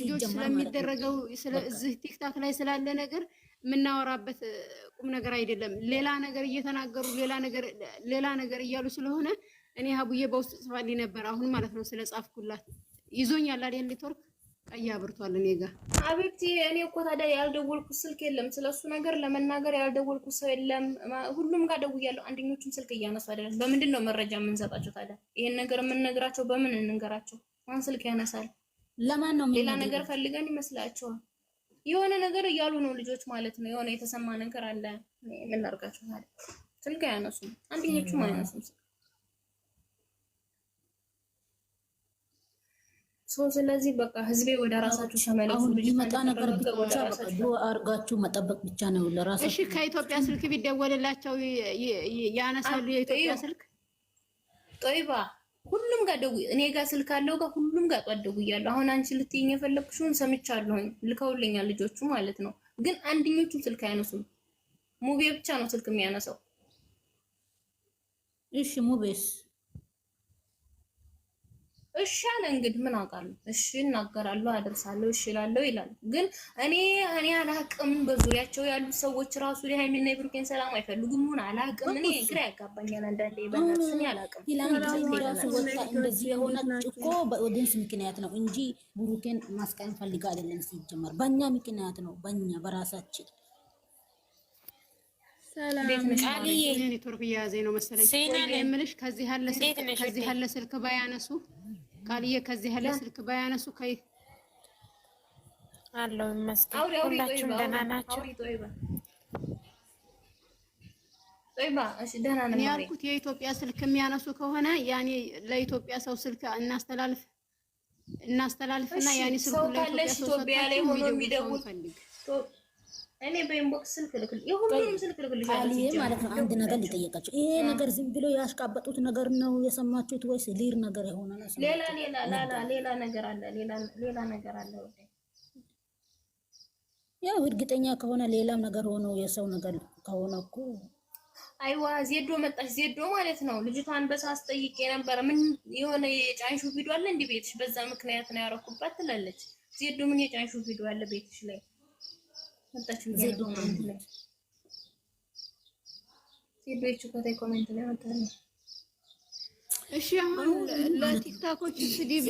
ልጆች ስለሚደረገው እዚህ ቲክታክ ላይ ስላለ ነገር የምናወራበት ቁም ነገር አይደለም። ሌላ ነገር እየተናገሩ ሌላ ነገር እያሉ ስለሆነ እኔ ሀቡዬ በውስጥ ጽፋልኝ ነበር። አሁን ማለት ነው ስለ ጻፍኩላት ይዞኛል አይደል ኔትወርክ ቀይ አብርቷል። እኔ ጋ አቤት። እኔ እኮ ታዲያ ያልደወልኩት ስልክ የለም። ስለሱ ነገር ለመናገር ያልደወልኩ ሰው የለም። ሁሉም ጋር ደውያለሁ። አንደኞቹም ስልክ እያነሱ አይደለም። በምንድን ነው መረጃ የምንሰጣቸው ታዲያ? ይሄን ነገር የምንነግራቸው በምን እንንገራቸው? ማን ስልክ ያነሳል? ለማን ነው? ሌላ ነገር ፈልገን ይመስላችኋል? የሆነ ነገር እያሉ ነው ልጆች ማለት ነው። የሆነ የተሰማ ነገር አለ። ምን አድርጋችሁ ማለት ስልክ አያነሱም፣ አንደኞቹም አያነሱም። ስለዚህ በቃ ህዝቤ ወደ ራሳችሁ ተመለሱ። ሊመጣ ነገር ብቻ አርጋችሁ መጠበቅ ብቻ ነው ለራሳችሁ። እሺ ከኢትዮጵያ ስልክ ቢደወልላቸው ያነሳሉ። የኢትዮጵያ ስልክ ጦይባ ሁሉም ጋር ደጉ እኔ ጋር ስልክ አለው ጋር ሁሉም ጋር ጧደጉ እያሉ አሁን አንቺ ልትይኝ የፈለግሽውን ሰምቻለሁኝ። ልከውልኛል ልጆቹ ማለት ነው። ግን አንድኞቹም ስልክ አያነሱም። ሙቤ ብቻ ነው ስልክ የሚያነሳው። እሺ ሙቤስ እሺ አለ እንግዲህ ምን አውቃለሁ። እሺ እናገራለሁ፣ አደርሳለሁ፣ እሺ እላለሁ ይላል። ግን እኔ እኔ አላቅም። በዙሪያቸው ያሉ ሰዎች ራሱ የሃይሚና የብሩኬን ሰላም አይፈልጉም። ምን አላቅም። እኔ ግራ ያጋባኛል አንዳንዴ። በእናትሽ እኔ አላቅም። እንደዚህ የሆነ እኮ በኦዲንስ ምክንያት ነው እንጂ ብሩኬን ማስቀን ፈልጋ አይደለም። ሲጀመር በእኛ ምክንያት ነው፣ በእኛ በራሳችን ኔትወርክ እያያዘኝ ነው መሰለኝ። የምልሽ ከዚህ ያለ ስልክ ባያነሱ ቃልዬ ከዚህ ያለ ስልክ ባያነሱ ከይ አለው ይመስገን። ሁላችሁም ደህና ናቸው። እኔ ያልኩት የኢትዮጵያ ስልክ የሚያነሱ ከሆነ ያኔ ለኢትዮጵያ ሰው ስልክ እናስተላልፍ እናስተላልፍና ያኔ ስልኩ ለኢትዮጵያ ሰው ሰጥቶ የሚደውል ፈልግ እኔ በኢንቦክስ ስልክ ልክል የሁሉንም ስልክ ልክል ማለት ነው። አንድ ነገር ሊጠየቃቸው ይሄ ነገር ዝም ብሎ ያሽቃበጡት ነገር ነው የሰማችሁት ወይስ ሊር ነገር የሆነ ነው? ሌላ ሌላ ሌላ ነገር አለ። ሌላ ነገር አለ። ያው እርግጠኛ ከሆነ ሌላም ነገር ሆኖ የሰው ነገር ከሆነ እኮ አይዋ ዜዶ ዜዶ ማለት ነው ልጅቷን በሳስ ጠይቄ ነበረ። ምን የሆነ የጫንሹ ቪዲዮ አለ እንዲህ ቤትሽ፣ በዛ ምክንያት ነው ያረኩባት ትላለች። ዜዶ ምን የጫንሹ ቪዲዮ አለ ቤትሽ ላይ ሴቶች ኮታይ ኮሜንት ላይ እሺ አሁን ለቲክታኮች ስድብ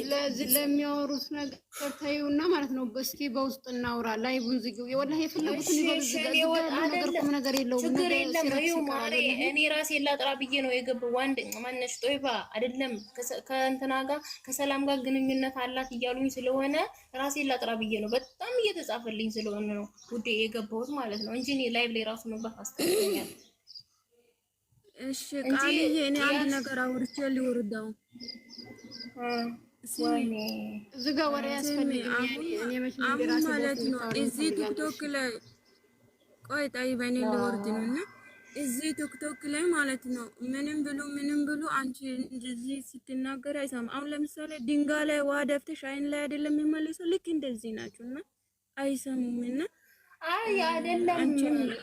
ለሚያወሩት ነገር ታዩና ማለት ነው። እስኪ በውስጥ እናውራ። ላይ ቡንዝ ወላ የፈለጉትን ይበሉ። ነገር የለውም ችግር የለም። እኔ ራሴ ላጥራ ብዬ ነው የገባው። አንድ ማነሽ ጦይባ አይደለም ከእንትና ጋር ከሰላም ጋር ግንኙነት አላት እያሉኝ ስለሆነ ራሴ ላጥራ ብዬ ነው። በጣም እየተጻፈልኝ ስለሆነ ነው ጉዳይ የገባሁት ማለት ነው እንጂ እኔ ላይቭ ላይ ራሱ መግባት አስተኛል እሺ ቃልዬ፣ እኔ አንድ ነገር አውርቼ ሊወርዳው አሁን ማለት ነው እዚህ ቲክቶክ ላይ ቆይ ጠይበኔ ሊወርድ ነው እና እዚህ ቲክቶክ ላይ ማለት ነው ምንም ብሉ ምንም ብሉ አንቺ እንደዚህ ስትናገር አይሰማም። አሁን ለምሳሌ ድንጋይ ላይ ውሃ ደፍተሽ አይን ላይ አይደለም የሚመለሰው ልክ እንደዚህ ናችሁ እና አይሰሙም እና አይ አይደለም።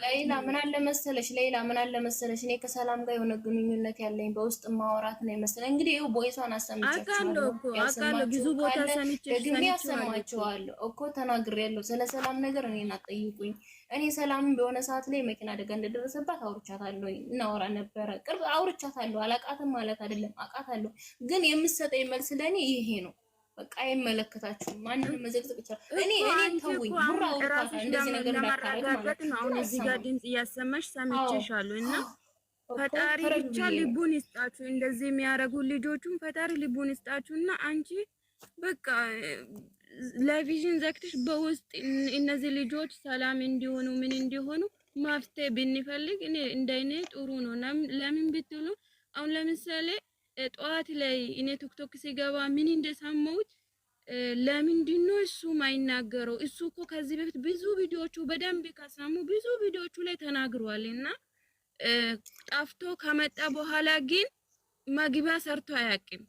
ሌላ ምን አለ መሰለሽ፣ ሌላ ምን አለ መሰለሽ፣ እኔ ከሰላም ጋር የሆነ ግንኙነት ያለኝ በውስጥ ማውራት ነው የመሰለኝ። እንግዲህ ይኸው ቦይሷን አሰምቻለሁ፣ ያሰማችኋለሁ እኮ ተናግሬያለሁ። ስለ ሰላም ነገር እኔን አትጠይቁኝ። እኔ ሰላምን በሆነ ሰዓት ላይ መኪና አደጋ እንደደረሰባት አውርቻታለሁ፣ እናወራ ነበረ። ቅርብ አውርቻታለሁ። አላቃትም ማለት አይደለም፣ አውቃታለሁ። ግን የምትሰጠኝ መልስ ለእኔ ይሄ ነው በቃ አይመለከታችሁም። ማንም መዘግዘቅ ይችላል። እኔ እኔ ተውኝ። ብራው እንደዚህ ነገር ለማረጋጋት ነው። አሁን እዚህ ጋር ድምጽ እያሰማሽ ሰምቼሻለሁ እና ፈጣሪ ብቻ ልቡን ይስጣችሁ። እንደዚህ የሚያደርጉ ልጆቹን ፈጣሪ ልቡን ይስጣችሁና አንቺ በቃ ለቪዥን ዘግተሽ በውስጥ እነዚህ ልጆች ሰላም እንዲሆኑ ምን እንዲሆኑ መፍትሄ ብንፈልግ እኔ እንደኔ ጥሩ ነው። ለምን ብትሉ አሁን ለምሳሌ ጠዋት ላይ እኔ ቲክቶክ ሲገባ ምን እንደሰማሁት ለምንድን ነው እሱ ማይናገረው? እሱ እኮ ከዚህ በፊት ብዙ ቪዲዮቹ በደንብ ከሰሙ ብዙ ቪዲዮቹ ላይ ተናግሯል። እና ጠፍቶ ከመጣ በኋላ ግን መግቢያ ሰርቶ አያውቅም።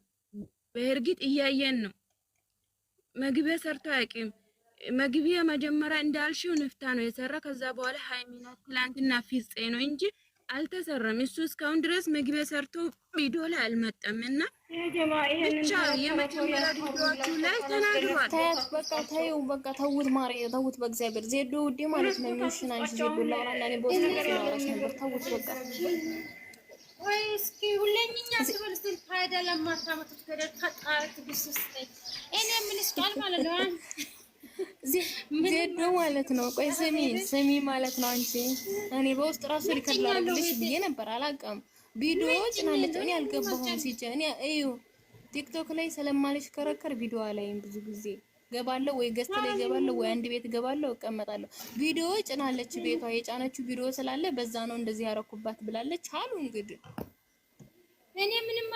በእርግጥ እያየን ነው። መግቢያ ሰርቶ አያውቅም። መግቢያ መጀመሪያ እንዳልሽው ንፍታ ነው የሰራ። ከዛ በኋላ ሃይሚና ትላንትና ፊጽ ነው እንጂ አልተሰራም። እሱ እስካሁን ድረስ መግቢያ ሰርቶ ቪዲዮ ላይ አልመጣም እና ብቻ የመጀመሪያ ቪዲዮዎቹ ላይ ተናግሯል። ታያት በቃ ታዩ በቃ ተውት፣ ማሪ ተውት፣ በእግዚአብሔር ዜዶ ውዴ ማለት ነው የሚሽን አንቺ ዜዶ ላውራ እና እኔ በውስጥ ላውራሽ ነበር። ተውት በቃ ወይ እስኪ ሁለኝኛ ትበል ስል ፋይዳ ለማታመጡት ገደል ከጣት ብስስተኝ እኔ ምንስ ቃል ማለት ነው ዜዶ ማለት ነው። ቆይ ስሚ ስሚ ማለት ነው አንቺ እኔ በውስጥ ራሱ ሊከላልሽ ብዬ ነበር አላውቅም ቪዲዮ ጭናለች። እኔ አልገባሁም። ሲጀ እኔ እዩ ቲክቶክ ላይ ስለማለሽ ከረከር ቪዲዮ ላይም ብዙ ጊዜ ገባለሁ ወይ ገስት ላይ ገባለሁ ወይ አንድ ቤት ገባለሁ እቀመጣለሁ። ቪዲዮ ጭናለች። ቤቷ የጫነችው ቪዲዮ ስላለ በዛ ነው እንደዚህ ያረኩባት ብላለች አሉ እንግዲህ እኔ ምንም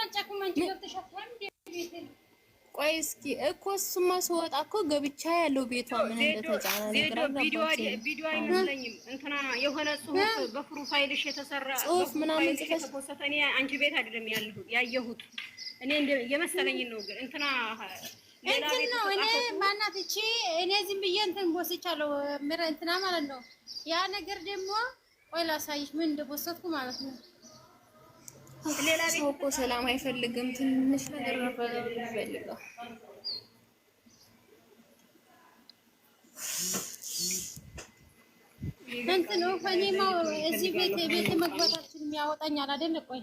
ቆይ እስኪ እኮ እሱማ ስወጣ እኮ ገብቻ ያለው ቤቷ ምን እንደተጫነ ነገር ቪዲዮ ቪዲዮ እንትና የሆነ ጽሁፍ ጽሁፍ ምናምን ቤት እኔ እንትን ነው እኔ ማናት እቺ እኔ ዝም ብዬ እንትን ቦስቻለሁ። እንትና ማለት ነው ያ ነገር ደግሞ ቆይ ላሳይሽ ምን እንደቦሰትኩ ማለት ነው ሌላ ሰው እኮ ሰላም አይፈልግም። ትንሽ ነገር መፈለግ ይፈልጋል። እንትን ከኔማ እዚህ ቤት ቤት መግባታችን የሚያወጣኛል አይደል? ቆይ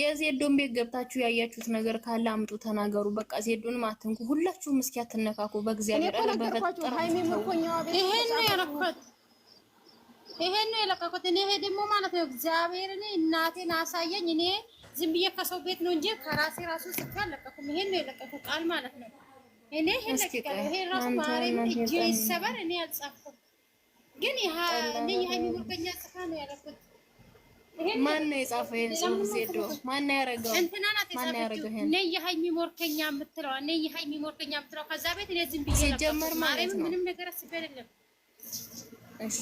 የዜዶን ቤት ገብታችሁ ያያችሁት ነገር ካለ አምጡ፣ ተናገሩ። በቃ ዜዶንም አትንኩ። ሁላችሁም እስኪ አትነካኩ። በእግዚአብሔር ረበበት ይሄን ነው ያረኳት ይሄን ነው የለቀኩት። እኔ ይሄ ደግሞ ማለት ነው እግዚአብሔርን እናቴን አሳየኝ። እኔ ዝም ብዬ ከሰው ቤት ነው እንጂ ከራሴ ራሱ ስት አለቀኩም። ይሄን ነው የለቀኩት ቃል ማለት ነው። እኔ ይሄን ለቀቀ። ይሄ ራሱ ማርያም እጄ ይሰበር። እኔ አልጻፍኩም፣ ግን ይሄ እኔ ይሄን ሙርከኛ ጽፋ ነው ያለኩት። ማን ነው የጻፈው? ይሄን ሰው ዜዶ ማን ነው ያደረገው? እንትና ናት የጻፈችው። እኔ የሀይሚ ሞርከኛ የምትለው እኔ የሀይሚ ሞርከኛ የምትለው ከዛ ቤት እኔ ዝም ብዬ ሲጀመር ማለት ነው። ምንም ነገር አስቤ አይደለም። እሺ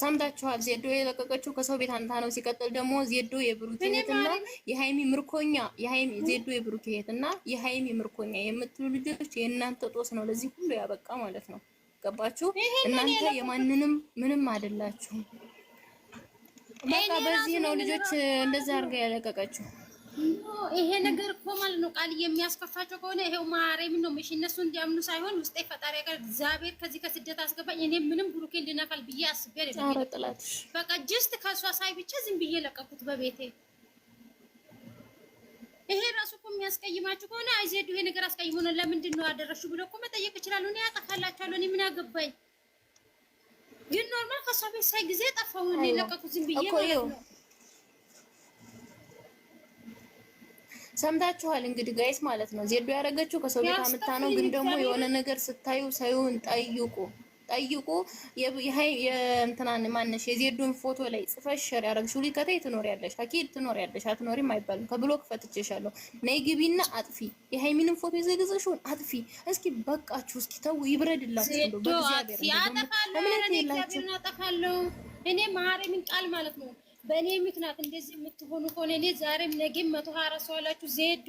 ሰምታችኋል። ዜዶ የለቀቀችው ከሰው ቤት አንታ ነው። ሲቀጥል ደግሞ ዜዶ የብሩኬ እህትና የሀይሚ ምርኮኛ የሀይሚ ዜዶ የብሩኬ እህትና የሀይሚ ምርኮኛ የምትሉ ልጆች የእናንተ ጦስ ነው ለዚህ ሁሉ ያበቃ ማለት ነው። ገባችሁ? እናንተ የማንንም ምንም አይደላችሁም። በቃ በዚህ ነው ልጆች እንደዛ አድርጋ ያለቀቀችው። ይሄ ነገር እኮ ማለት ነው ቃል የሚያስከፋቸው ከሆነ ይሄው ማርያም ነው እሺ፣ እነሱ እንዲያምኑ ሳይሆን ውስጤ ፈጣሪ ጋር እግዚአብሔር ከዚህ ከስደት አስገባኝ። እኔ ምንም ብሩኬን ልነካል ብዬ አስቤ በቃ ጅስት ከእሷ ሳይ ብቻ ዝም ብዬ ለቀኩት በቤቴ። ይሄ ራሱ እኮ የሚያስቀይማችሁ ከሆነ አይዜዱ ይሄ ነገር ነው ለምንድን ነው አደረሹ ብሎ እኮ መጠየቅ ይችላሉ። እኔ ያጠፋላችኋለሁ፣ እኔ ምን አገባኝ። ግን ኖርማል ከእሷ ቤት ሳይ ጊዜ ጠፋውን ለቀኩት ዝም ብዬ ማለት ነው። ሰምታችኋል እንግዲህ ጋይስ ማለት ነው። ዜዶ ያደረገችው ከሰው ቤት አምታ ነው። ግን ደግሞ የሆነ ነገር ስታዩ ሳይሆን ጠይቁ ጠይቁ። የእንትናን ማነሽ የዜዶን ፎቶ ላይ ጽፈሽ ሸር ያደረግሽ ሁሉ ከታይ ያለሽ አኪድ ትኖር ያለሽ አትኖሪም አይባልም። ከብሎክ ፈትቼሻለሁ። ነይ ግቢና አጥፊ። የሃይሚንም ፎቶ የዘገዘሽውን አጥፊ። እስኪ በቃችሁ፣ እስኪ ተው፣ ይብረድላችሁ። በእግዚአብሔር ነው ያጠፋለሁ። እኔ ማረሚን ቃል ማለት ነው በእኔ ምክንያት እንደዚህ የምትሆኑ ከሆነ እኔ ዛሬም ነገም መቶ ሀያ አራት ሰው አላችሁ ዜዶ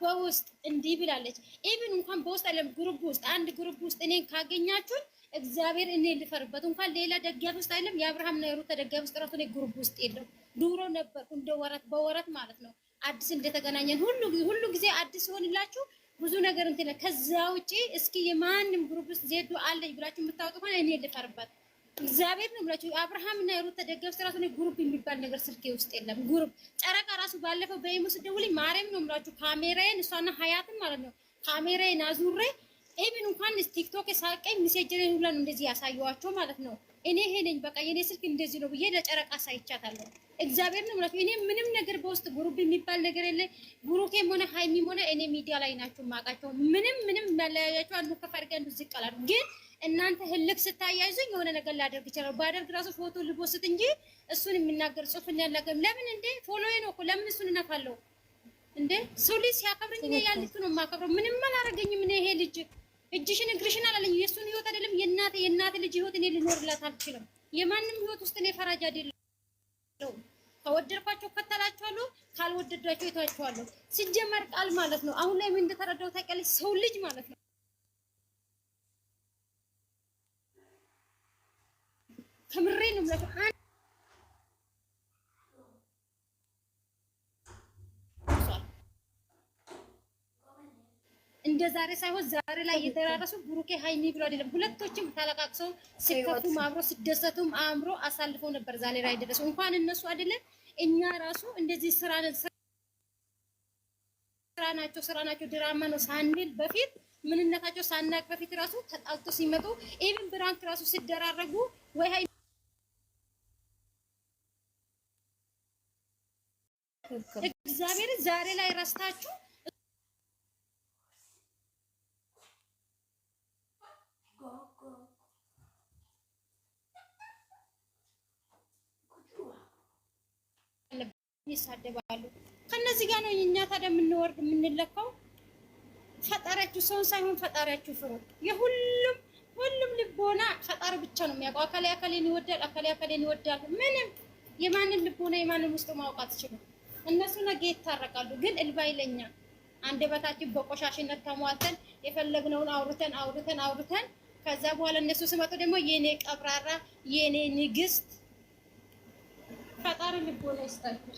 በውስጥ እንዲህ ብላለች። ኢቭን እንኳን በውስጥ አለም ግሩፕ ውስጥ አንድ ግሩፕ ውስጥ እኔን ካገኛችሁን እግዚአብሔር እኔ ልፈርበት እንኳን ሌላ ደጋፊ ውስጥ አይደለም። የአብርሃም ና የሩታ ደጋፊ ውስጥ ራሱ እኔ ግሩፕ ውስጥ የለም። ዱሮ ነበርኩ እንደ ወረት በወረት ማለት ነው። አዲስ እንደተገናኘን ሁሉ ጊዜ አዲስ ሲሆንላችሁ ብዙ ነገር እንትነ ከዛ ውጪ እስኪ የማንም ግሩፕ ውስጥ ዜዶ አለች ብላችሁ የምታወጡ ከሆነ እኔ ልፈርበት እግዚአብሔር ነው ብላችሁ አብርሃም እና የሩት ተደገፍ ስራቱ ነው። ግሩፕ የሚባል ነገር ስልኬ ውስጥ የለም። ግሩፕ ጨረቃ ራሱ ባለፈው በኢሞ ስደውልኝ ማርያም ነው ብላችሁ ካሜራዬን እሷና ሀያትን ማለት ነው ካሜራዬን አዙሬ ኢቭን እንኳን ቲክቶክ ሳቀኝ ሚሴጀሬን ሁላ ነው እንደዚህ ያሳየዋቸው ማለት ነው። እኔ ይሄ ነኝ በቃ የኔ ስልክ እንደዚህ ነው ብዬ ለጨረቃ ሳይቻታለሁ። እግዚአብሔር ነው ብላችሁ እኔ ምንም ነገር በውስጥ ግሩፕ የሚባል ነገር የለ። ብሩኬም ሆነ ሀይሚም ሆነ እኔ ሚዲያ ላይ ናቸው ማቃቸው። ምንም ምንም ያለያያቸው አንዱ ከፍ አድርገህ አንዱ ዝቅ አላሉ ግን እናንተ ህልክ ስታያይዙኝ የሆነ ነገር ላደርግ ይችላል። ባደርግ ራሱ ፎቶ ልቦስት እንጂ እሱን የሚናገር ጽሁፍ ያላገም ለምን እንዴ? ፎሎዬ ነው እኮ ለምን እሱን እነካለሁ እንዴ? ሰው ልጅ ሲያከብረኝ እኔ ያን ነው የማከብረው። ምንም አላደረገኝም። እኔ ይሄ ልጅ እጅሽን እግርሽን አላለኝ። የእሱን ህይወት አይደለም የእናቴ የእናቴ ልጅ ህይወት እኔ ልኖርላት አልችልም። የማንም ህይወት ውስጥ እኔ ፈራጅ አይደለሁም። ከወደድኳቸው ከተላቸዋለሁ፣ ካልወደዷቸው ይተዋቸዋለሁ። ሲጀመር ቃል ማለት ነው። አሁን ላይ ምን እንደተረዳው ታውቂያለሽ? ሰው ልጅ ማለት ነው ከምሬ ነው የምላቸው። እንደ ዛሬ ሳይሆን ዛሬ ላይ የተራረሱ ብሩኬ ሀይሚ ብሎ አይደለም። ሁለቶችም ተለቃቅሰው ሲከፉም አብሮ ሲደሰቱም አእምሮ አሳልፈው ነበር ዛሬ ላይ ደረሰው። እንኳን እነሱ አይደለም እኛ ራሱ እንደዚህ ስራ ናቸው ስራ ናቸው ድራማ ነው ሳንል በፊት ምንነታቸው ሳናቅ በፊት ራሱ ተጣልቶ ሲመጡ ኢቭን ብራንክ ራሱ ሲደራረጉ ወይ እግዚአብሔር ዛሬ ላይ ረስታችሁ ይሳደባሉ። ከነዚህ ጋር ነው እኛ ታዲያ የምንወርድ የምንለካው። ፈጣሪያችሁ ሰውን ሳይሆን ፈጣሪያችሁ ፍሩ። የሁሉም ሁሉም ልቦና ፈጣሪ ብቻ ነው የሚያውቀው። አካሌ አካሌን ይወዳል፣ አካሌ አካሌን ይወዳል። ምንም የማንን ልቦና የማንን ውስጥ ማውቃት አትችሉም። እነሱ ነገ ይታረቃሉ። ግን እልባ ይለኛል። አንደበታችን በቆሻሽነት ተሟልተን የፈለግነውን አውርተን አውርተን አውርተን ከዛ በኋላ እነሱ ስመጡ ደግሞ የኔ ቀብራራ የኔ ንግስት ፈጣሪ ልቦና ይስጣችሁ።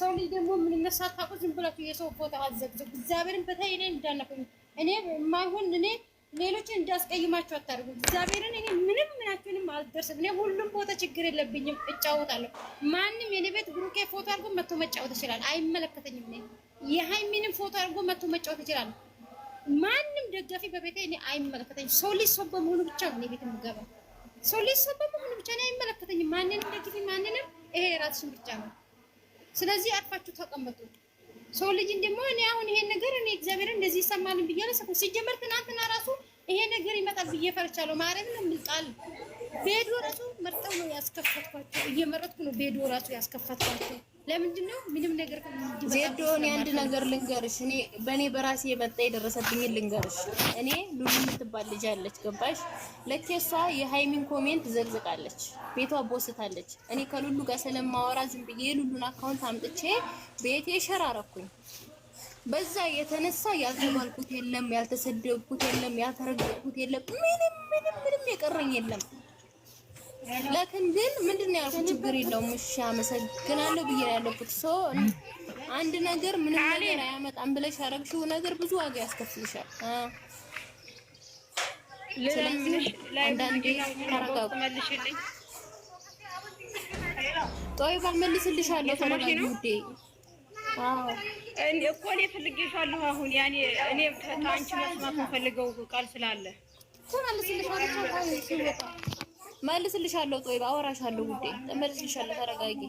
ሰው ልጅ ደግሞ ምንነት ሳታውቁ ዝም ብላችሁ የሰው ቦታ አዘግዘግ እግዚአብሔርን በተይ እኔ እንዳነኩኝ እኔ የማይሆን እኔ ሌሎችን እንዳስቀይማቸው አታደርጉ። እግዚአብሔርን እኔ ምንም ምናችሁንም አልደርስም። እኔ ሁሉም ቦታ ችግር የለብኝም፣ እጫወታለሁ። ማንም የኔ ቤት ብሩኬ ፎቶ አድርጎ መጥቶ መጫወት ይችላል፣ አይመለከተኝም። እኔ የሃይሚንም ፎቶ አድርጎ መጥቶ መጫወት ይችላል። ማንም ደጋፊ በቤቴ እኔ አይመለከተኝም። ሰው ልጅ ሰው በመሆኑ ብቻ ነው እኔ ቤት የምገባ። ሰው ልጅ ሰው በመሆኑ ብቻ እኔ አይመለከተኝም። ማንንም ደግፊ፣ ማንንም ይሄ ራስሽን ብቻ ነው። ስለዚህ አርፋችሁ ተቀመጡ። ሰው ልጅ ደግሞ እኔ አሁን ይሄን ነገር እኔ እግዚአብሔር እንደዚህ ይሰማል ብዬ ሰው ሲጀመር ትናንትና ራሱ ይሄ ነገር ይመጣል ብዬ ፈርቻለሁ። ማርያምን እንጣል ቤዶ ራሱ መርጠው ነው ያስከፈትኳቸው፣ እየመረጥኩ ነው ቤዶ ራሱ ያስከፈትኳቸው። ለምንድን ነው ምንም ነገር ዜዶ? እኔ አንድ ነገር ልንገርሽ። እኔ በእኔ በራሴ የመጣ የደረሰብኝ ልንገርሽ። እኔ ሉሉ የምትባል ልጅ አለች፣ ገባሽ? ለኬሷ የሃይሚን ኮሜንት ዘግዝቃለች፣ ቤቷ ቦስታለች። እኔ ከሉሉ ጋር ስለማወራ ዝም ብዬ የሉሉን አካውንት አምጥቼ ቤቴ ሸራረኩኝ። በዛ የተነሳ ያልተባልኩት የለም፣ ያልተሰደብኩት የለም፣ ያልተረገጥኩት የለም፣ ምንም ምንም ምንም የቀረኝ የለም። ለክን ግን ምንድን ነው ያልኩት? ችግር የለውም እሺ፣ አመሰግናለሁ ብዬ ነው ያለኩት። ሶ አንድ ነገር ምንም ነገር አያመጣም ብለሽ ያደረግሽው ነገር ብዙ ዋጋ ያስከፍልሻል። ስለዚህ አንዳንዴ ተረጋጉ። ጦይባ መልስልሻለሁ ተረጋጊ ውዴ። እኔ እኮ እኔ ፈልጌሻለሁ አሁን ያኔ እኔ ታንቺ መስማት ፈልገው ቃል ስላለ እኮ መልስልሻለሁ መልስልሻለሁ። ጦይ ባወራሻለሁ ጉዴ መልስልሻለሁ። ተረጋጊ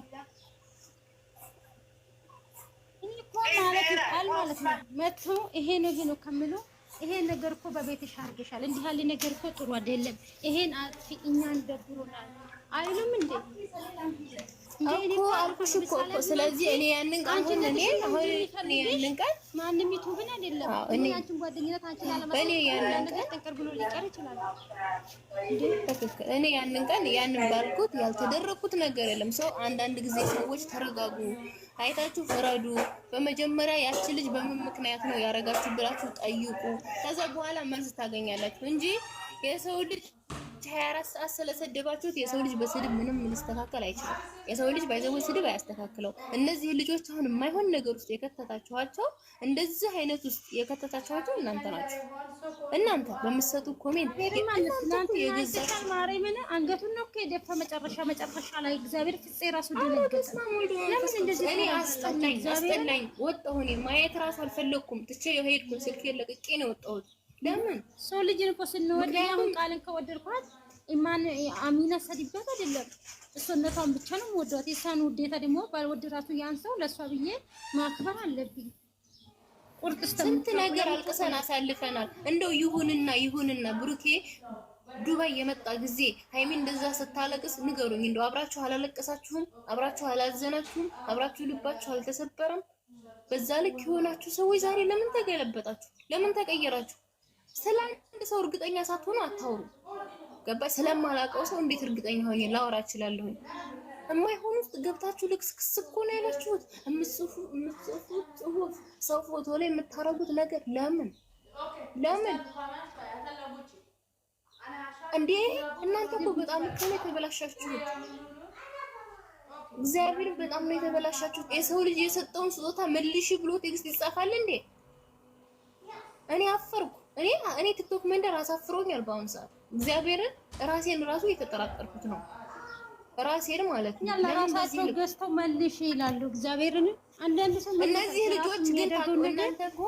ማለት መቶ ይሄ ነው ይሄ ነው ከምሉ ይሄ ነገር እኮ በቤትሽ አድርገሻል። እንዲህ ያለ ነገር እኮ ጥሩ አይደለም። ይሄን አጥፊ እኛን ደብሮናል አይሉም እንዴ? እኮ አልኩሽ እኮ እኮ ስለዚህ እኔ ያንን ቃል አሁን እኔ አሁን ያንን ቃል ማንም ይቱብን አይደለም እኔ አንቺን ጓደኝነት አንቺን አለማለት እኔ ያንን ቃል ጠንቀር ብሎ ሊቀር ይችላል እኔ ያንን ቃል ያንን ባልኩት ያልተደረኩት ነገር የለም። ሰው አንዳንድ ጊዜ ሰዎች ተረጋጉ፣ አይታችሁ ፍረዱ። በመጀመሪያ ያቺ ልጅ በምን ምክንያት ነው ያደረጋችሁ ብላችሁ ጠይቁ። ከዛ በኋላ መልስ ታገኛላችሁ እንጂ የሰው ልጅ 24 ሰዓት ስለሰደባችሁት የሰው ልጅ በስድብ ምንም ሊስተካከል አይችልም። የሰው ልጅ ባይዘው ስድብ አያስተካክለው። እነዚህ ልጆች አሁን የማይሆን ነገር ውስጥ የከተታችኋቸው፣ እንደዚህ አይነት ውስጥ የከተታችኋቸው እናንተ ናችሁ። እናንተ በምትሰጡ ኮሜንት እናንተ ማርያምን አንገቱን ነው ከደፋ መጨረሻ መጨረሻ ላይ እግዚአብሔር ፍፄ ራሱ ለምን አስጠላኝ ወጣሁ። እኔ ማየት ራሱ አልፈለኩም። ትቼ የሄድኩ ስልክ የለቅቄ ነው የወጣሁት ለምን ሰው ልጅን እኮ ስንወድ ያሁን ቃልን ከወደድኳት ኢማን አሚና ሰዲበት አይደለም እሷነቷን ብቻ ነው ወደዋት። የእሷን ውዴታ ደግሞ ባልወደዳቱ ያን ሰው ለእሷ ብዬ ማክበር አለብኝ። ቁርጥ ስንት ነገር አልቅሰን አሳልፈናል። እንደው ይሁንና ይሁንና ብሩኬ ዱባይ የመጣ ጊዜ ሃይሚ እንደዛ ስታለቅስ ንገሩኝ። እንደው አብራችሁ አላለቀሳችሁም? አብራችሁ አላዘናችሁም? አብራችሁ ልባችሁ አልተሰበረም? በዛ ልክ የሆናችሁ ሰዎች ዛሬ ለምን ተገለበጣችሁ? ለምን ተቀየራችሁ? ስለ አንድ ሰው እርግጠኛ ሳትሆኑ አታውሩ። ገባሽ? ስለማላውቀው ሰው እንዴት እርግጠኛ ሆኜ ላወራ እችላለሁኝ? የማይሆኑ ውስጥ ገብታችሁ ልክስክስ እኮ ነው ያላችሁት። የምትጽፉት ጽሁፍ፣ ሰው ፎቶ ላይ የምታረጉት ነገር ለምን ለምን እንዴ? እናንተ እኮ በጣም እኮ ነው የተበላሻችሁት። እግዚአብሔር በጣም ነው የተበላሻችሁት። የሰው ልጅ የሰጠውን ስጦታ መልሽ ብሎ ቴክስት ይጻፋል እንዴ? እኔ አፈርኩ። እኔ እኔ ቲክቶክ መንደር አሳፍሮኛል በአሁኑ ሰዓት እግዚአብሔርን ራሴን ራሱ እየተጠራጠርኩት ነው። ራሴን ማለት ነው። ለራሳቸው ገዝተው መልሽ ይላሉ። እግዚአብሔርን አንዳንድ ሰው እነዚህ ልጆች ግን እናንተ እኮ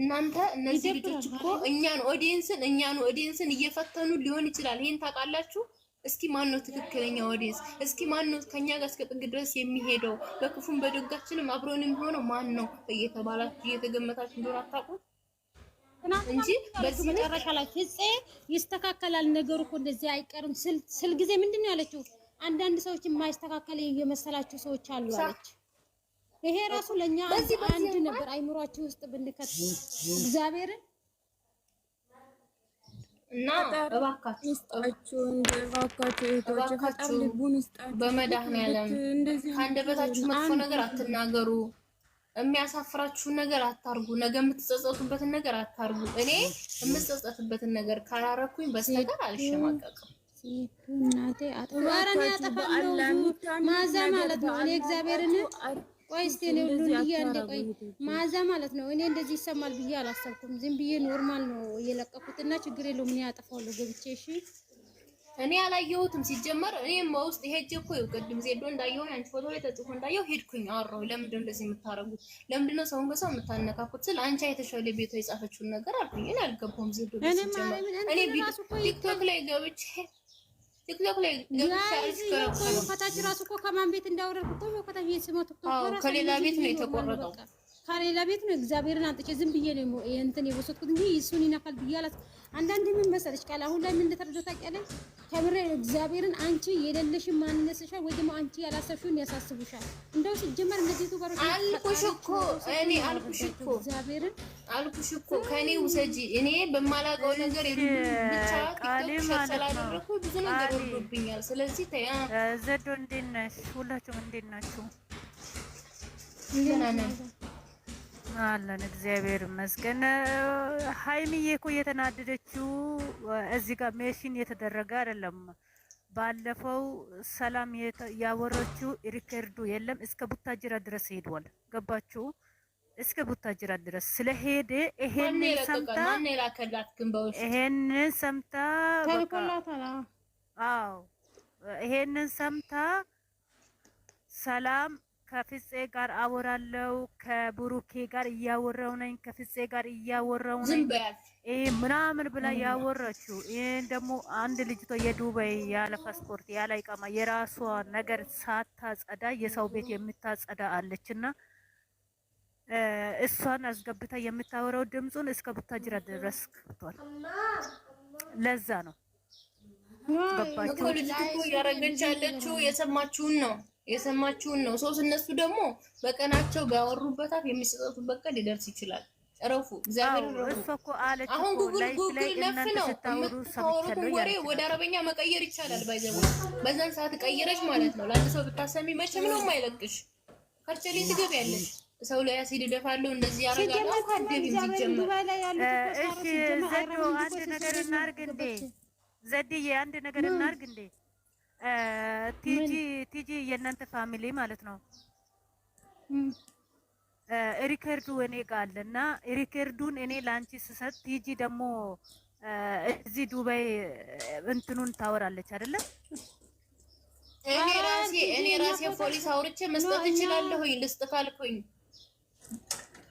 እናንተ እነዚህ ልጆች እኮ እኛን ኦዲየንስን እኛን ኦዲየንስን እየፈተኑ ሊሆን ይችላል። ይሄን ታውቃላችሁ። እስኪ ማን ነው ትክክለኛ ኦዲየንስ? እስኪ ማን ነው ከኛ ጋር እስከ ጥግ ድረስ የሚሄደው በክፉም በደጋችንም አብሮን የሚሆነው ማን ነው እየተባላችሁ እየተገመታችሁ እንደሆነ አታውቁም። እንጂ በዚህ መጨረሻ ላይ ፍፄ ይስተካከላል ነገሩ እኮ እንደዚህ አይቀርም ስል ጊዜ ምንድን ነው ያለችው? አንዳንድ ሰዎች የማይስተካከል የመሰላቸው ሰዎች አሉ አለች። ይሄ ራሱ ለእኛ አንድ ነበር አይምሯችሁ ውስጥ ብንከት እግዚአብሔርን እና በመድኃኒዓለም ከአንደበታችሁ መጥፎ ነገር አትናገሩ። የሚያሳፍራችሁን ነገር አታርጉ። ነገ የምትጸጸቱበትን ነገር አታርጉ። እኔ የምጸጸትበትን ነገር ካላረኩኝ በስተቀር አልሸማቀቅም። ኧረ ያጠፋለሁ ማዛ ማለት ነው። እኔ እግዚአብሔርን ቆይ እስኪ እኔ ሁሉ እንደ ቆይ ማዛ ማለት ነው። እኔ እንደዚህ ይሰማል ብዬ አላሰብኩም። ዝም ብዬ ኖርማል ነው የለቀኩትና ችግር የለውም። እኔ ያጠፋለሁ ገብቼ እሺ እኔ አላየሁትም። ሲጀመር እኔም በውስጥ ሄጄ እኮ ይኸው ቅድም ዜዶ እንዳየሁ አንቺ ፎቶ ላይ ተጽፎ እንዳየሁ ሄድኩኝ አወራሁ። ለምንድን ነው እንደዚህ የምታረጉት? ለምንድን ነው ሰውን በሰው የምታነካኩት? ስል አንቺ አይተሻል ቤቷ የጻፈችውን ነገር አልኩኝ። እኔ አልገባሁም ዜዶ። ሲጀመር እኔ ቲክቶክ ላይ ገብቼ ቲክቶክ ላይ ከታች ራሱ እኮ ከማን ቤት እንዳወረድኩ ከታች የስመው ከሌላ ቤት ነው የተቆረጠው፣ ከሌላ ቤት ነው። እግዚአብሔርን አንጥቼ ዝም ብዬ ነው እንትን የወሰድኩት እንጂ እሱን ይነካል ብዬ አላት አንዳንድ ምን መሰለሽ ቃል አሁን ላይ ምን እንደተረዳሁ ታውቂያለሽ? ከምሬ እግዚአብሔርን አንቺ የሌለሽን ማንነስሻል ወይ ደግሞ አንቺ ያላሰብሽውን ያሳስቡሻል። እንደው ሲጀመር እንደዚህ ቱበሮች አልኩሽ እኮ እኔ አልኩሽ እኮ እግዚአብሔርን አልኩሽ እኮ ከኔ ውሰጂ። እኔ በማላውቀው ነገር የሉሉ ብቻ ቲክቶክ ስላደረኩ ብዙ ነገር ወርዶብኛል። ስለዚህ ተያ ዘዶ እንዴት ነሽ? ሁላችሁም እንዴት ናችሁ? ደህና ነን። አለን እግዚአብሔር ይመስገን። ሀይሚዬ እኮ እየተናደደችው እዚህ ጋር ሜሽን የተደረገ አይደለም። ባለፈው ሰላም ያወረችው ሪከርዱ የለም እስከ ቡታጅራ ድረስ ሄዷል። ገባችሁ? እስከ ቡታጅራ ድረስ ስለሄደ ይሄን ሰምታ ይሄን ሰምታ አዎ ይሄንን ሰምታ ሰላም ከፍፄ ጋር አወራለው፣ ከብሩኬ ጋር እያወራው ነኝ፣ ከፍፄ ጋር እያወራው ነኝ ይህ ምናምን ብላ ያወራችው። ይህን ደግሞ አንድ ልጅቷ የዱባይ ያለ ፓስፖርት ያለ ይቃማ የራሷ ነገር ሳታጸዳ የሰው ቤት የምታጸዳ አለችና እሷን አስገብታ የምታወራው ድምፁን እስከ ቡታጅራ ድረስ ከብቷል። ለዛ ነው ገባችሁ። እያረገች ያለችው የሰማችሁን ነው የሰማችሁን ነው ሰው። እነሱ ደግሞ በቀናቸው ባወሩበት አፍ የሚሰጠቱበት ቀን ሊደርስ ይችላል። እረፉ። እግዚአብሔር እኮ አሁን ጉግል ጉግል ነፍ ነው የምታወሩትን ወሬ ወደ አረበኛ መቀየር ይቻላል። ባይዘው በዛን ሰዓት ቀይረች ማለት ነው። ለአንድ ሰው ብታሰሚ መቼም ነው የማይለቅሽ። ከርቸሌ ትገቢያለሽ። ሰው ላይ አሲድ ደፋለሁ እንደዚህ ያረጋለሁ። እሺ፣ ዘዶ አንድ ነገር እናርግ እንዴ? ዘድዬ አንድ ነገር እናርግ እንዴ? ቲጂ ቲጂ የእናንተ ፋሚሊ ማለት ነው። ሪከርዱ እኔ ጋር አለ እና ሪከርዱን እኔ ለአንቺ ስሰጥ ቲጂ ደግሞ እዚህ ዱባይ እንትኑን ታወራለች አይደለም። እኔ ራሴ እኔ ራሴ ፖሊስ አውርቼ መስጠት እችላለሁ ልስጥ ካልኩኝ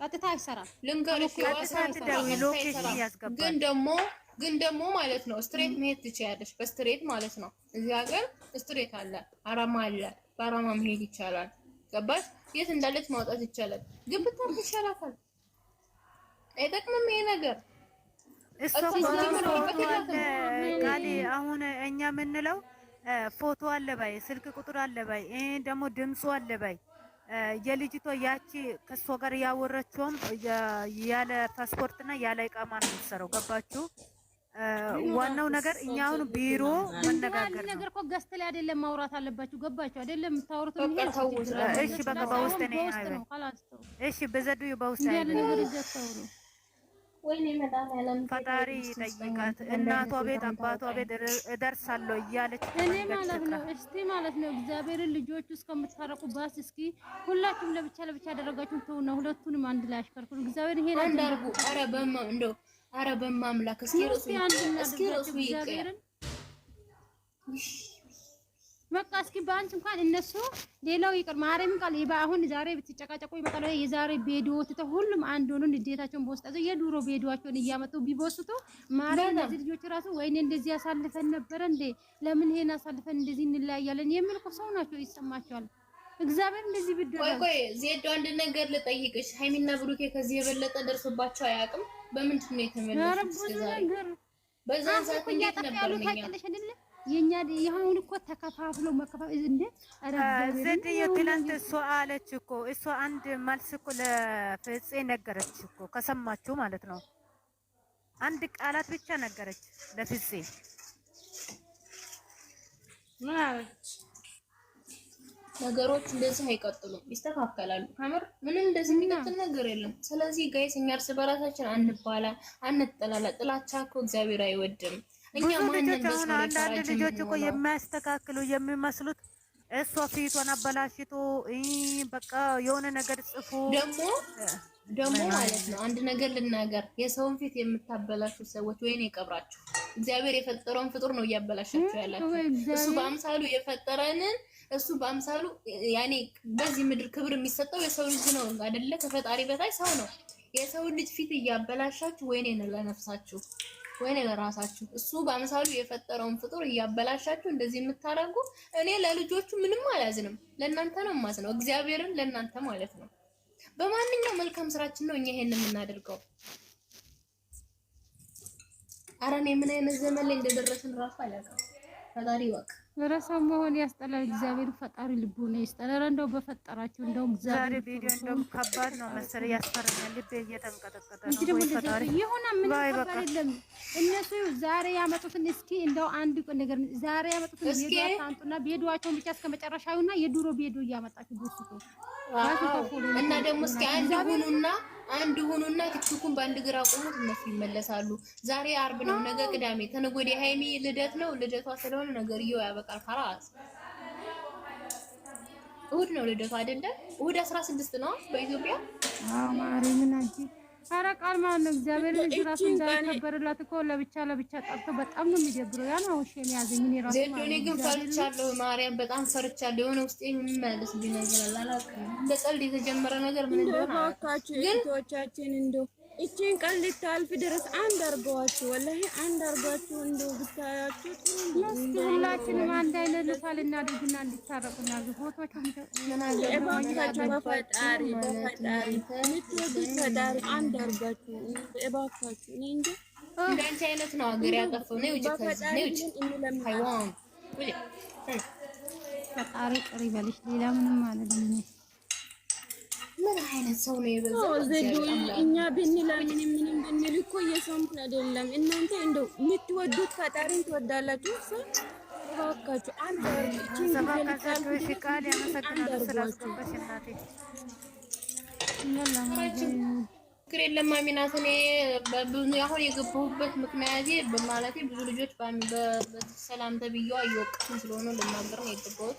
ቀጥታ አይሰራም። ልንገርሽ ግን ደግሞ ግን ደግሞ ማለት ነው ስትሬት መሄድ ትችያለሽ። በስትሬት ማለት ነው እዚህ ሀገር ስትሬት አለ፣ አራማ አለ። በአራማ መሄድ ይቻላል። ገባሽ? የት እንዳለች ማውጣት ይቻላል። ግን ብታርፍ ይሻላታል። አይጠቅምም ይሄ ነገር አሁን እኛ የምንለው ፎቶ አለ ባይ፣ ስልክ ቁጥር አለ ባይ፣ ደግሞ ድምፁ አለ ባይ የልጅቷ ያቺ ከሷ ጋር ያወረችውም ያለ ፓስፖርትና ያለ እቃማ ነው የምትሰራው። ገባችሁ? ዋናው ነገር እኛ አሁን ቢሮ መነጋገር ነገር እኮ ገስት ላይ አይደለም ማውራት አለባችሁ። ገባችሁ አይደለም? ታውሩት ነው። እሺ፣ በቃ በውስጥ ነው። እሺ፣ በዘዱ በውስጥ ነው። ፈጣሪ ጠይቃት። እናቷ ቤት አባቷ ቤት እደርሳለሁ እያለች እኔ ማለት ነው። እስቲ ማለት ነው እግዚአብሔርን ልጆቹ እስከምታረቁ ባስ እስኪ ሁላችሁም ለብቻ ለብቻ ያደረጋችሁ ተውና ሁለቱንም አንድ ላይ አሽከርክሩ። እግዚአብሔር ይሄ አንድ አርጉ። አረ በማ እንደው አረ በማ አምላክ እስኪ ራሱ እስኪ ራሱ ይቀር በቃ እስኪ ቢያንስ እንኳን እነሱ ሌላው ይቅር ማርያምን ቃል ይባ አሁን ዛሬ ብትጨቃጨቁ ይመጣሉ። የዛሬ ቤዶ ትተው ሁሉም አንድ ሆኖ ንዴታቸውን በውስጥ የዱሮ ቤዶቸውን እያመጡ ቢቦስቱ ማርያም እነዚህ ልጆች ራሱ ወይኔ እንደዚህ ያሳልፈን ነበረ እንዴ ለምን ይሄን አሳልፈን እንደዚህ እንለያያለን የሚል እኮ ሰው ናቸው፣ ይሰማቸዋል። እግዚአብሔር እንደዚህ ቢደረግ ቆይ ቆይ ዜዶ አንድ ነገር ልጠይቅሽ፣ ሃይሚና ብሩኬ ከዚህ የበለጠ ደርሶባቸው አያውቅም። በምንድን ነው የተመለሱት? በዛን ሰዓት እንዴት ነበር ነው የኛ የአሁን እኮ ተከፋፍሎ መከፋፈል እንዴ ዘዴ ትናንት እሷ አለች እኮ እሷ አንድ መልስ እኮ ለፍፄ ነገረች እኮ ከሰማችሁ ማለት ነው። አንድ ቃላት ብቻ ነገረች ለፍፄ ምን አለች? ነገሮች እንደዚህ አይቀጥሉም፣ ይስተካከላሉ። ከምር ምንም እንደዚህ የሚቀጥል ነገር የለም። ስለዚህ ጋይስ እኛ እርስ በራሳችን አንባላ፣ አንጠላላ። ጥላቻ እኮ እግዚአብሔር አይወድም። ብዙ ልጆች አሁን አንዳንድ ልጆች እኮ የሚያስተካክሉ የሚመስሉት እሷ ፊቷን አበላሽቶ በቃ የሆነ ነገር ጽፎ ደግሞ ደግሞ ማለት ነው። አንድ ነገር ልናገር፣ የሰውን ፊት የምታበላሹ ሰዎች ወይኔ ይቀብራችሁ። እግዚአብሔር የፈጠረውን ፍጡር ነው እያበላሻችሁ ያላችሁ። እሱ በአምሳሉ የፈጠረንን እሱ በአምሳሉ ያኔ በዚህ ምድር ክብር የሚሰጠው የሰው ልጅ ነው አይደለ? ከፈጣሪ በታች ሰው ነው። የሰውን ልጅ ፊት እያበላሻችሁ ወይኔ ለነፍሳችሁ ወይኔ ራሳችሁ እሱ በአምሳሉ የፈጠረውን ፍጡር እያበላሻችሁ እንደዚህ የምታደርጉ እኔ ለልጆቹ ምንም አላዝንም። ለእናንተ ነው የማዝነው፣ እግዚአብሔርን ለእናንተ ማለት ነው። በማንኛውም መልካም ስራችን ነው እኛ ይሄን የምናደርገው። አረ እኔ ምን አይነት ዘመን ላይ እንደደረስን ራሱ አላውቅም። ፈጣሪ ይወቅ። ለረሰው መሆን ያስጠላል። እግዚአብሔር ፈጣሪ ልቡ ነው ይስጠላል። እንደው በፈጠራችሁ እንደው እግዚአብሔር ቪዲዮ እንደው ከባድ ነው መሰለኝ ያስፈራኛል። ልቤ እየተንቀጠቀጠ ነው። እንግዲህ ምን ይሆነ ምን ከባድ የለም። እነሱ ዛሬ ያመጡትን እስኪ እንደው አንድ ነገር ዛሬ ያመጡትን እስኪ አንጡና ቪዲዮአቸውን ብቻ እስከ መጨረሻውና የድሮ ቪዲዮ እያመጣችሁ ቦስቱ እና ደግሞ እስኪ አንድ ሁኑና አንድ ሆኖና ቲክቶኩን በአንድ ግራ ቆሙት፣ እነሱ ይመለሳሉ። ዛሬ አርብ ነው፣ ነገ ቅዳሜ፣ ተነገ ወዲያ ሃይሚ ልደት ነው። ልደቷ ስለሆነ ነገርየው ያበቃል። ካላስ እሁድ ነው ልደቷ አይደለም? እሁድ አስራ ስድስት ነው በኢትዮጵያ። አዎ ማርያምን አንቺ ኧረ ቃል ማለት ነው። እግዚአብሔር ልጅ ራሱ እንዳያከበርላት እኮ ለብቻ ለብቻ ጠርቶ በጣም ነው የሚደብረው። ያን አውሽ የሚያዘኝ እኔ ራሱ ማለት ነው። እኔ ግን ፈርቻለሁ፣ ማርያም በጣም ፈርቻለሁ። የሆነ ውስጤ የሚመለስ ነገር አላውቅም። እንደ ቀልድ የተጀመረ ነገር ምን እንደሆነ ግን እቺን ቀን ልታልፍ ድረስ አንድ አርጓችሁ ወላሂ አንድ አርጓችሁ እንደው ብታያችሁ ሁላችንም አንድ አይነት ልፋል እናድርግና እንድታረቁና ፎቶቹን በፈጣሪ በፈጣሪ ፈጣሪ አንድ አርጓችሁ እባካችሁ እኔ እንዳንቺ አይነት ነው ሀገር ያጠፈው ነው ውጭ ከዚህ ነው ውጭ ፈጣሪ ሌላ ምንም ምን አይነት ሰው ነው የበዛው? እኛ ብንላ ምንም ምንም ብንል እኮ እየሰሙን አይደለም። እናንተ እንደው የምትወዱት ፈጣሪን ትወዳላችሁ። እሱ እባካችሁ ችግር የለም። አሚናት እኔ አሁን የገባሁበት ምክንያት በማለቴ ብዙ ልጆች በሰላም ተብዬዋ እየወቅትን ስለሆነ ልናገር ነው የገባሁት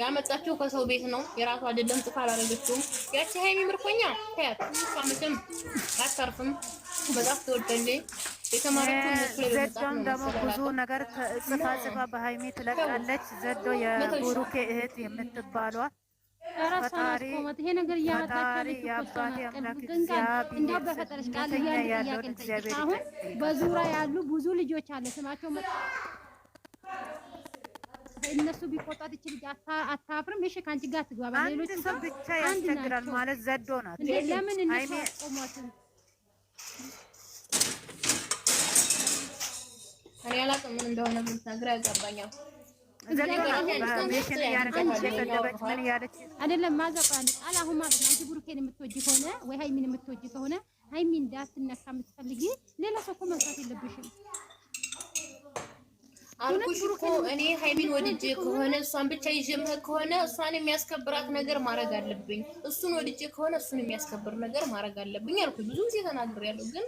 ያመጣችው ከሰው ቤት ነው፣ የራሱ አይደለም። ጥፋ አላደረገችውም። ያቺ ሀይሚ ምርኮኛ ታያት መቼም አታርፍም። በጣም ተወደለኝ። ዘዶም ደግሞ ብዙ ነገር ጽፋ ጽፋ በሀይሚ ትለቃለች። ዘዶ የቡሩኬ እህት የምትባሏ ፈጣሪ ፈጣሪ የአባቴ አምላክ እግዚአብሔር ያለውን እግዚአብሔር በዙሪያ ያሉ ብዙ ልጆች አለ ስማቸው እነሱ ቢቆጣት ይችል አታፍርም። እሺ ከአንቺ ጋር ትግባባ። ሌሎች ሰው ብቻ ያስቸግራል ማለት ዘዶ ናት። ለምን እነሱ አቆሟትም? እኔ አላውቅም ምን እንደሆነ የምትናገር ያጋባኛል። አይደለም ማዘቋ ቃል አሁን ማለት ነው። አንቺ ብሩኬን የምትወጂ ከሆነ ወይ ሀይሚን የምትወጂ ከሆነ ሀይሚን እንዳትነካ የምትፈልጊ ሌላ ሰው እኮ መንሳት የለብሽም። አልኩሽ እኮ እኔ ሀይሚን ወድጄ ከሆነ እሷን ብቻ ይዤ ከሆነ እሷን የሚያስከብራት ነገር ማድረግ አለብኝ። እሱን ወድጄ ከሆነ እሱን የሚያስከብር ነገር ማድረግ አለብኝ አልኩሽ። ብዙ ጊዜ ተናግሬያለሁ፣ ግን